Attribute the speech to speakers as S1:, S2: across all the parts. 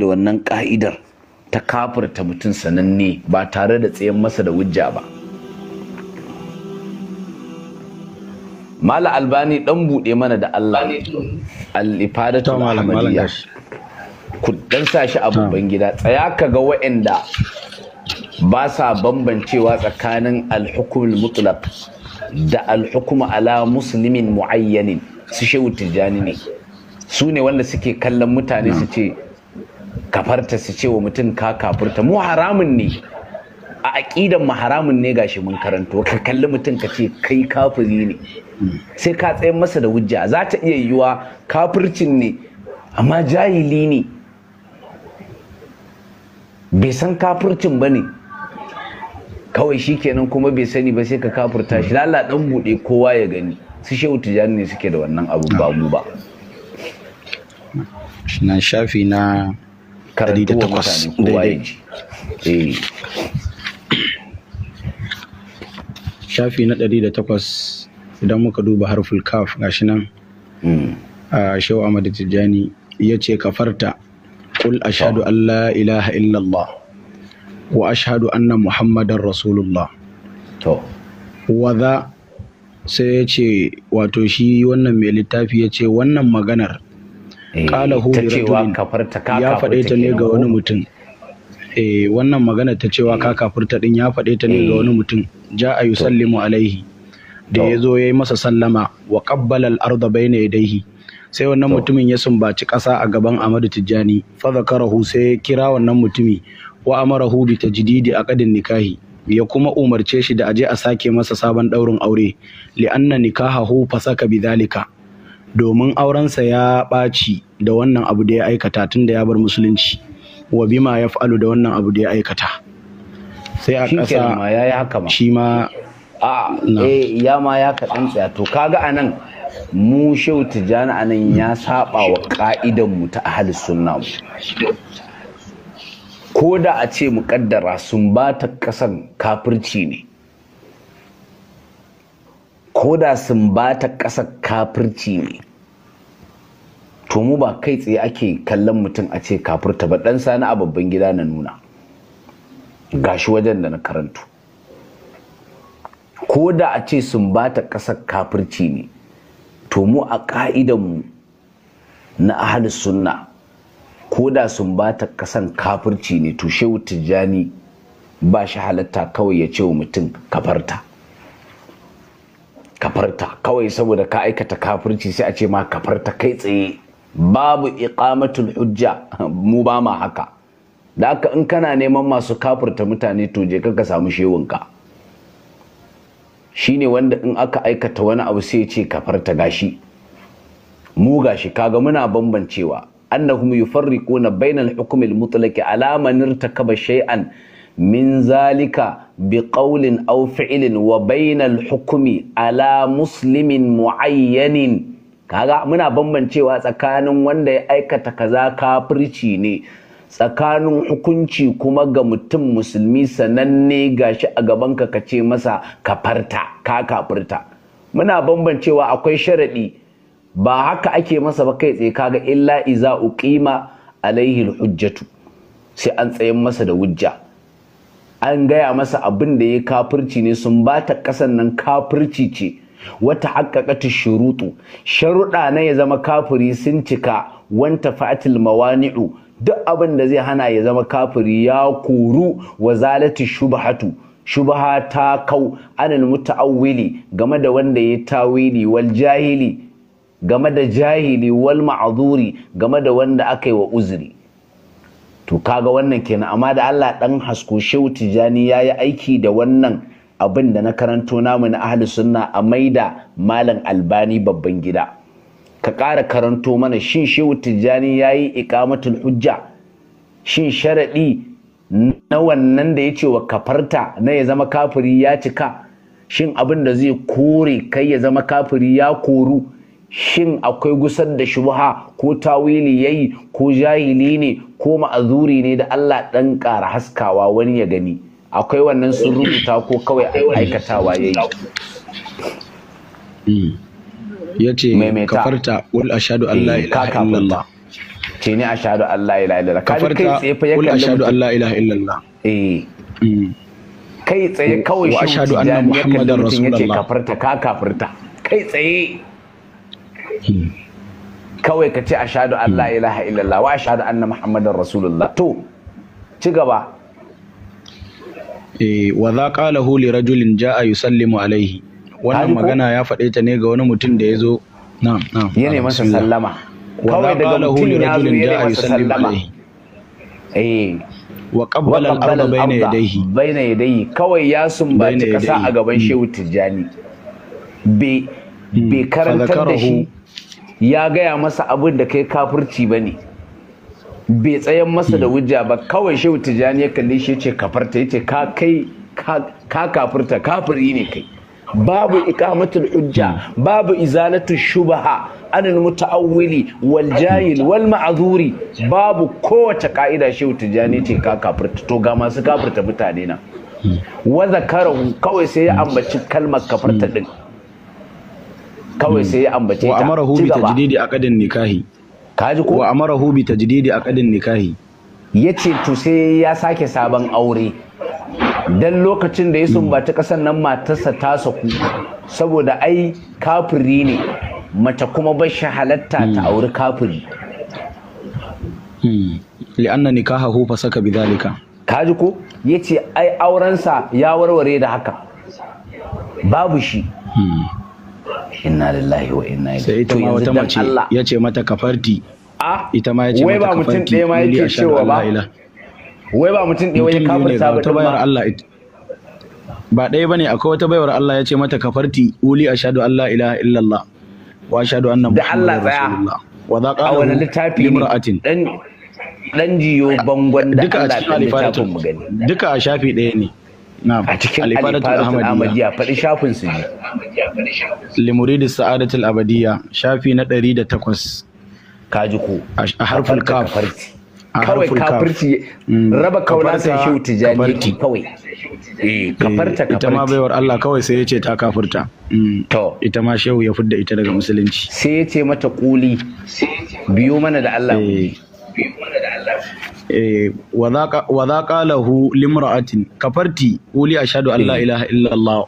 S1: da wannan ka'idar ta kafirta mutum sananne ba tare da tsayen masa da wujja ba mala albani dan buɗe mana da allah al-ifadatul ku dan sa shi abubuwan gida tsaya ka ga wa'anda ba sa bambancewa tsakanin alhukumul mutlaq da alhukuma ala muslimin muayyanin su shehu tijjani ne su ne wanda suke kallon mutane su ce kafarta su ce wa mutum ka kafurta mu haramun ne a aƙidan mu haramun ne gashi mun karanto ka kalli mutum ka ce kai kafuri ne sai ka tsayin masa da hujja za ta iya yiwuwa kafircin ne amma jahili ne bai san kafircin ba ne kawai shi kenan kuma bai sani ba sai ka kafurta shi lala dan buɗe kowa ya gani su shehu tijani ne suke da wannan abun ba mu ba
S2: shafi na 108 daidai eh. shafi na takwas idan muka duba harful kaf gashi nan hmm. a shehu tijjani ya ce kafarta kul ashadu an la ilaha illallah wa ashadu anna muhammadan rasulullah to wadha sai ya ce wato shi wannan mai littafi ya ce wannan maganar Eh, qalahu ta cewa kafarta ka ya faɗe ta ne ga wani mutum eh wannan magana ta cewa ka eh. kafurta din ya faɗe ta ne ga eh. wani mutum Ja yi sallimu alaihi da ya zo ya yi masa sallama wa qabbala arza bai na yadayhi sai wannan mutumin ya sumbaci ƙasa a gaban Amadu Tijjani fa zakarahu sai ya kira wannan mutumi wa amarahu bi a ƙadin nikahi ya kuma umarce shi da aje a sake masa sabon ɗaurin aure li'anna hu fasaka zalika domin aurensa ya ɓaci da wannan abu da ya aikata tun da ya bar musulunci wa bima ya fa'alu da wannan abu da ya aikata sai a ƙasa
S1: ma shi ma a eh, ya ma ya kaɗan tsaya to kaga anan mu shehu tijjani anan ya saba wa ka'idan mu ta ahli sunna mu ko da a ce mu kaddara sun ba ta ƙasan kafirci ne ko da sun ba ta ƙasar kafirci ne to mu ba kai tsaye ake kallon mutum a ce kafurta ba ɗan sani a babban gida na nuna gashi wajen da na karanto ko da a ce sun bata ƙasar kafirci ne to mu a ƙa'idanmu na ahalus sunna ko da sun bata ƙasan kafirci ne to shehu tijjani ba shi halatta kawai ya ce wa mutum kafarta kafarta kawai saboda ka aikata kafirci sai a ce ma kafarta kai tsaye babu iqamatul hujja mu ba ma haka da haka in kana neman masu kafurta mutane to je ka samu shewunka shine wanda in aka aikata wani abu sai ce kafarta gashi mu gashi kaga muna bambancewa annahum yufarriquna bainal hukmi al mutlaq ala man irtakaba shay'an min zalika bi qawlin aw fi'lin wa bainal hukmi ala muslimin muayyanin kaga muna bambancewa tsakanin wanda ya aikata kaza kafirci ne tsakanin hukunci kuma ga mutum musulmi sananne ga shi a gabanka ka ce masa kafarta ka kafirta muna bambancewa akwai sharaɗi ba haka ake masa ba kai tsaye kaga illa iza uqima alaihi hujjatu sai an tsayin masa da wujja an gaya masa abin da ya kafirci ne sun bata kasan nan kafirci ce wata haƙaƙatu shuruɗu sharuɗa na ya zama kafiri sun cika wanta fatil mawani'u duk abin da zai hana ya zama kafiri ya koru wa zalati shubhatu shubha ta kau anil muta'awwili game da wanda ya tawili wal jahili game da jahili wal ma'azuri game da wanda aka yi wa uzuri to kaga wannan kenan amma da Allah dan hasko tijjani tijani yayi aiki da wannan abin da na karanto namu na ahli sunna a maida malam albani babban gida ka ƙara karanto mana shin shehu tijjani ya yi iƙamatul hujja shin sharaɗi na wannan da ya ce wa kafarta na ya zama kafiri ya cika shin abin da zai kore kai ya zama kafiri ya koru shin akwai gusar da shubha ko tawili yayi ko jahili ne ko ma'azuri ne da Allah ɗan ƙara haskawa wani ya gani akwai wannan sun rubuta ko kawai aikatawa ya yi ya ce kafarta wal ashadu Allah ilaha illallah ke ne ashadu Allah ilaha illallah kafarta wal ashadu Allah ilaha illallah eh hmm. kai tsaye kawai shi ashadu anna muhammadar rasulullah kafarta ka kafarta kai tsaye hmm. kawai ka ce ashadu Allah hmm. ilaha illallah wa ashadu anna muhammadar rasulullah to ci gaba Eh, wa za ƙala
S2: li rajulin jaa sallimu alaihi wannan magana ya faɗe ta ne ga wani mutum da ya zo na
S1: ya ne masa sallama kawai daga mutum ya zo yana masa sallama eh wa qabbala bai na bayna bai na yadayhi kawai ya sumbaci kasa a gaban hmm. Shehu Tijjani bai hmm. karantar da shi ya gaya masa abin da kai ba ne. bai tsayan masa da wujja hmm. ba kawai shehu tijjani ya kalle shi ce kafarta ce ka kai ka kafurta kafiri ne kai babu ikamatul hujja babu izalatu shubaha anil mutaawwili wal jahil wal ma'zuri babu kowace ka'ida shehu tijjani ce ka kafurta to ga masu kafurta mutane na hmm. wa zakarahu kawai sai ya ambaci kalmar kafarta hmm. din kawai sai ya ambace ta wa hu bi tajdidi
S2: aqdin nikahi kaji ko wa amarahu bi tajdidi aqdin nikahi
S1: yace to sai ya sake sabon aure dan lokacin da ya hmm. sumbaci kasan nan matarsa ta saku saboda ai kafiri ne mace kuma ba shi halatta ta hmm. auri kafiri hmm. li'anna nikahahu fasaka bidhalika kaji ko yace ai aurensa ya warware da haka babu shi inna lillahi wa inna ilaihi sai ita ma wata mace
S2: yace mata kafarti
S1: ita ma yace mata kafarti wai cewa ba
S2: wai ba mutum ɗaya wani kafirta ba ta bayar Allah ba ɗaya bane akwai wata baiwar Allah yace mata kafarti uli ashhadu an la ilaha illallah wa ashhadu anna muhammadar rasulullah wa za qala wani littafi limra'atin dan dan jiyo bangon da Allah ya littafin mu gani duka a shafi ɗaya ne a cikin Alifaratul ahmadiyya faɗi shafin su ne limuridi sa'adatul abadiyya shafi na ɗari da takwas kaji ko a harfin kaf kawai kafirci mm. raba kauna sai shi tijani yake kawai eh, kafarta eh, kafarta ita ma baiwar Allah kawai sai ya ce ta kafirta mm. to ita ma shehu ya fudda ita daga musulunci sai ya ce mata kuli biyo mana da Allah kuli eh. Eh, wa za qalahu limra'atin kafarti wuli a shaɗu Allah hmm. ilaha illallah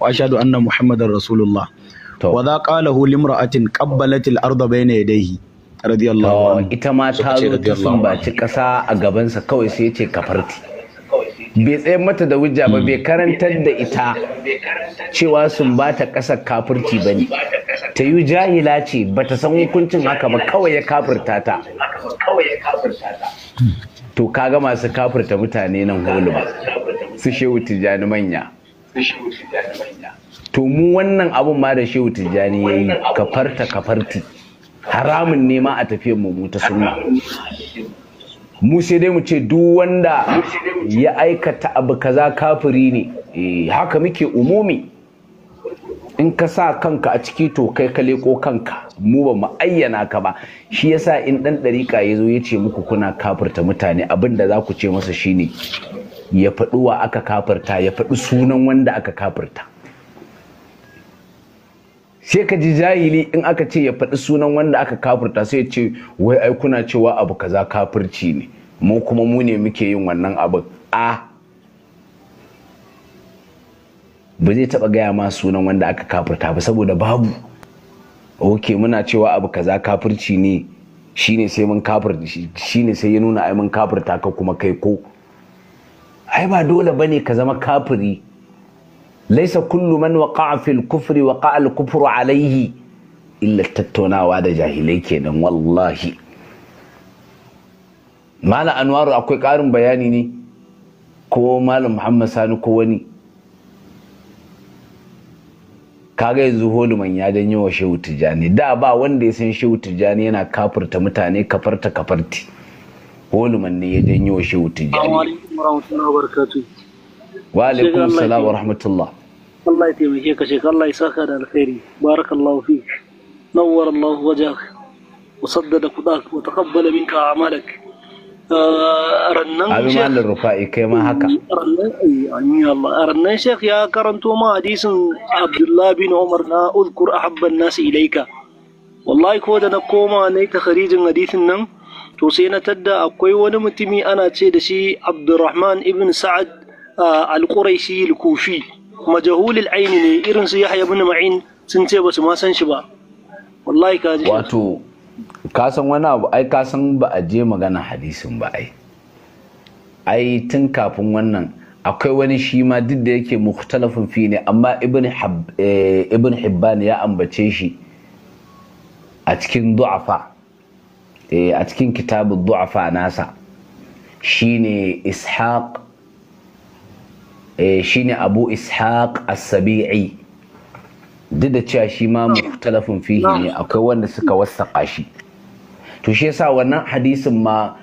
S2: wa shaɗu anna Muhammadan rasulullah wa za qalahu limra'atin
S1: qabbalatil arda bayna yadayhi radiyallahu wa ita ma ta zo ta sumbaci ƙasa a gabansa kawai sai ya ce kafarti bai tsaye mata da wujja ba hmm. bai karantar da ita cewa sun ba ta ƙasar kafirci ba ne ta yi jahila ce ba ta san hukuncin haka ba kawai ya kafirta ta to kaga masu kafirta mutane nan gulma su shehu tijjani manya to mu wannan abun ma da shehu tijjani ya yi kafarta kafarti haramun ne ma a tafiyar mu ta sunna mu sai dai mu ce duk wanda ya aikata abu kaza kafiri ne eh, haka muke umumi in ka sa kanka a ciki to kai ka leko kanka mu ba mu ayyana ka ba shi yasa in dan dariƙa ya zo ya ce muku kuna kafirta mutane abin da za ku ce masa shine ya faɗi wa aka kafirta ya faɗi sunan wanda aka kafirta sai ka ji jahili in aka ce ya faɗi sunan wanda aka kafirta sai ya ce wai ai kuna cewa abu kaza kafirci ne mu kuma mu ne muke yin wannan abin a ba zai taɓa gaya ma sunan wanda aka kafirta ba saboda babu ok muna cewa abu kaza kafirci ne shine sai mun kafir shine sai ya nuna ai mun kafirta ka kuma kai ko ai ba dole bane ka zama kafiri laisa kullu man waqa'a fil kufri waqa'a al kufru alaihi illa tattaunawa da jahilai kenan wallahi mala anwaru akwai ƙarin bayani ne ko malam muhammad sani ko wani kaga yanzu holuman ya janyo wa shehu tijjani da ba wanda ya san shehu tijjani yana kafurta mutane kafarta kafarti holuman ne ya janyo wa shehu tijjani wa alaikum salam wa rahmatullah
S2: Allah ya taimake ka shekar Allah ya saka da alkhairi barakallahu fi nawwar Allah wajhak wa saddada kudak wa taqabbala minka a'malaka Eh, rannan abin shek ya karanto ma hadisin abdullahi bin umar na uzkur ahabban nasi ilaika wallahi ko da na koma na yi takharijin hadisin nan to sai na tadda akwai wani mutumi ana ce da shi abdurrahman ibn sa'ad eh, al-quraishi al-kufi majahulil aini ne irin su yahya ibn ma'in sun ce ba su ma san shi ba wallahi
S1: ji wato Kasan wani abu ai ka san ba a je magana hadisin ba ai ai tun kafin wannan akwai wani shi ma duk da yake mukhtalafin fi ne amma eh, ibn hibban ya ambace shi a cikin du'afa eh, a cikin kitabun du'afa nasa shine ishaq eh, shine abu ishaq as-sabi'i duk da cewa shi ma talafin fihi ne akwai wanda suka wasaƙa shi to shi yasa wannan hadisin ma